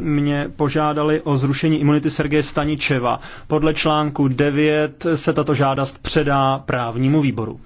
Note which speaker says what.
Speaker 1: mě požádali o zrušení imunity Sergeje Staničeva. Podle článku 9 se tato žádost předá právnímu výboru.